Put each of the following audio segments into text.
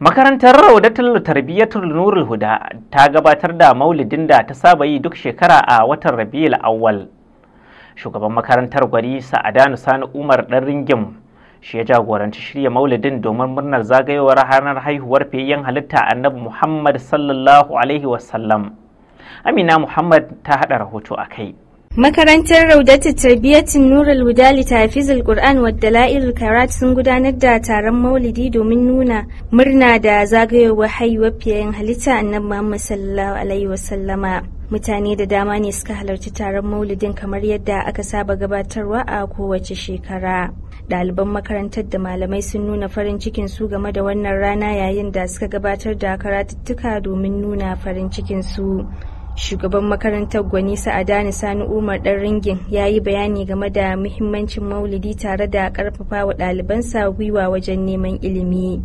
Makarantar Raudatul Tarbiyyatul Nurul Huda ta gabatar da maulidin da ta saba yi duk shekara a watan Rabiul Awwal. Shugaban makarantar gwari Sa'adanu Sani Umar ɗan ringim shi ya jagoranci shirya maulidin domin murnar zagayowar ranar haihuwar fiyayyen halitta Annabi Muhammad sallallahu alaihi wasallam. Amina Muhammad ta haɗa rahoto a kai. Makarantar Raudatu Tarbiyyatin Nurul Huda Litafizul Qur'an wadda Dala'ilul Karat sun gudanar da taron Maulidi domin nuna murna da zagayowar haihuwar fiyayen halitta Annabi Muhammad sallallahu alaihi wasallama. Mutane da dama ne suka halarci taron Maulidin kamar yadda aka saba gabatarwa a kowace shekara. Ɗaliban makarantar da malamai sun nuna farin cikin su game da wannan rana yayin da suka gabatar da karatuttuka domin nuna farin cikin su. shugaban makarantar gwani sa'adani sani umar dan ringin ya yi bayani game da muhimmancin maulidi tare da karfafa wa ɗalibansa gwiwa wajen neman ilimi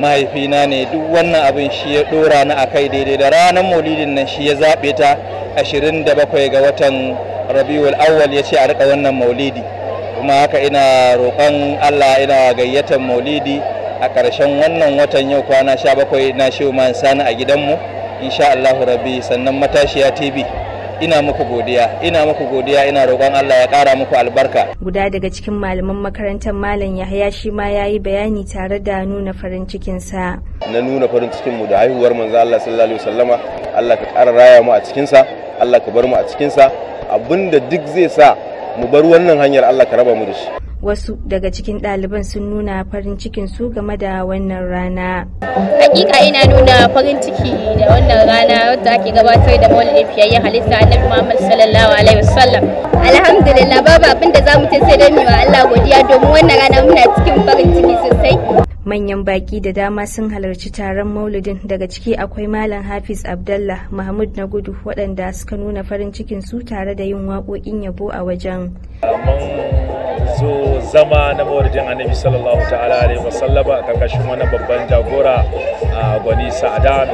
mahaifina ne duk wannan abin shi ya dora na akai daidai da ranar maulidin nan shi ya zaɓe ta 27 ga watan rabiul awwal ya ce a rika wannan maulidi kuma haka ina roƙon allah ina gayyatar maulidi a ƙarshen wannan watan yau kwana 17 na ma sani a gidanmu insha Allahu rabbi sannan matashiya TV ina muku godiya ina muku godiya ina roƙon Allah ya ƙara muku albarka guda daga cikin malaman makarantar malam yahya shi ma yayi bayani tare da nuna farin cikin sa na nuna farin cikin mu da haihuwar manzo Allah sallallahu alaihi wasallama Allah ka ƙara raya mu a cikin sa Allah ka bar mu a cikin sa abinda duk zai sa mu bar wannan hanyar Allah ka raba mu da shi wasu daga cikin ɗaliban sun nuna farin cikin su game da wannan rana hakika ina nuna farin ciki da wannan rana wadda ake gabatar da maulidi fiyayyen halitta na muhammad sallallahu alaihi wasallam alhamdulillah babu abin da zamu ce sai don mu wa Allah godiya domin wannan rana muna cikin farin ciki sosai manyan baki da dama sun halarci taron maulidin daga ciki akwai malam hafiz abdallah mahmud na gudu waɗanda suka nuna farin cikin su tare da yin waƙoƙin yabo a wajen zo zama na maulidin annabi sallallahu ta'ala alaihi wasallama a karkashin wani babban jagora a gwani sa'adan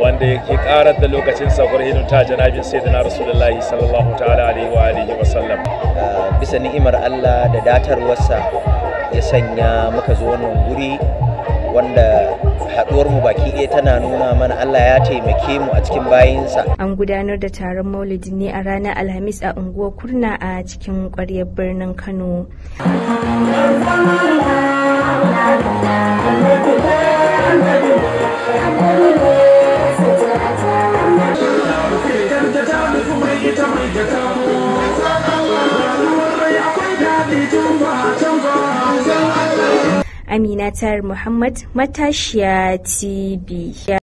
wanda yake karar da lokacin sabuwar hinu ta janabin sayyidina rasulullahi sallallahu ta'ala alaihi wa alihi bisa ni'imar Allah da datarwarsa ta sanya muka zo wannan guri wanda haɗuwar mu baki ɗaya tana nuna mana Allah ya taimake mu a cikin bayinsa. An gudanar da taron maulidi ne a ranar Alhamis a unguwar Kurna a cikin ƙwaryar birnin Kano. Ita mai Amina Tar Muhammad Matashiya TV.